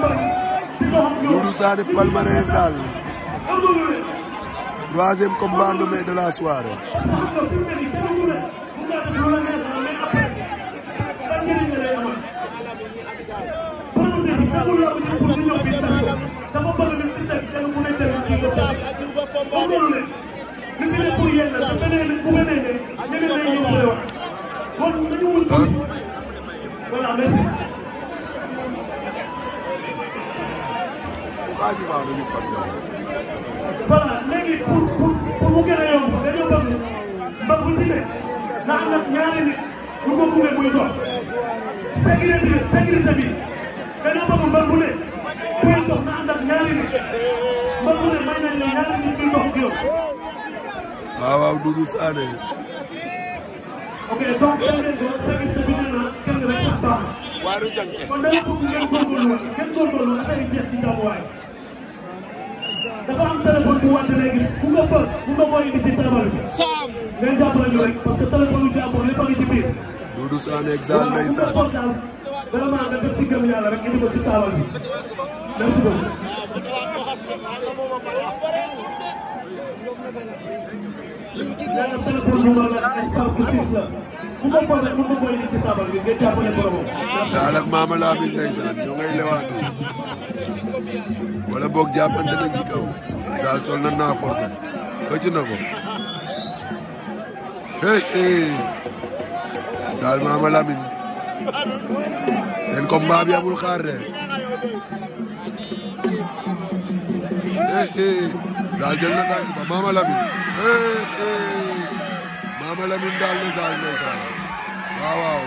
Doudou Sané Palmarin Sall troisième combat nommé de la waaw ñu waaw dañuy faral voilà léegi pour pour pour mu gën a yomb dañoo bëgg mbab bu tibbee na am na ñaari nit ñu ko gunge muy dox sécurité sécurité bi dañoo bëgg mbab bu ne kuy dox na ànd ak ñaari nit mbab bu ne may nañ la ñaari nit ñuy dox di waaw waaw Doudou Sané. ok donc dañ leen doon sécurité bi nee na kenn rek sax baax na. waaw du jàng. kon dañoo bëgg ngeen góorgóorlu ngeen góorgóorlu affaire yi jeex ci jàmmuwaay. dafa am téléphone bu wàcc léegi ku nga bëgg ku nga mooy indi ci téléphone bi. ngeen jàppale ñu rek parce que téléphone yu jàppoo lépp a ngi ci biir. Doudou Sané examen day sax. vraiment nga def ci gëm yàlla rek indi ko ci taabal bi merci beaucoup. téléphone bu ma la instant bu six la. ku nga bëgg rek mën nga mooy indi ci taabal bi ngeen jàppale borom. daanaka maama laa bi ndeysaan ñoo ngay lewaatu. wala boog jàppante nañ ci kaw sol na naa forcé xëcc na ko hey hey Sall Mama seen combat bi amul xaar de hey hey Sall na tànk ba Mama Lamine hey daal na Sall ne Sall waaw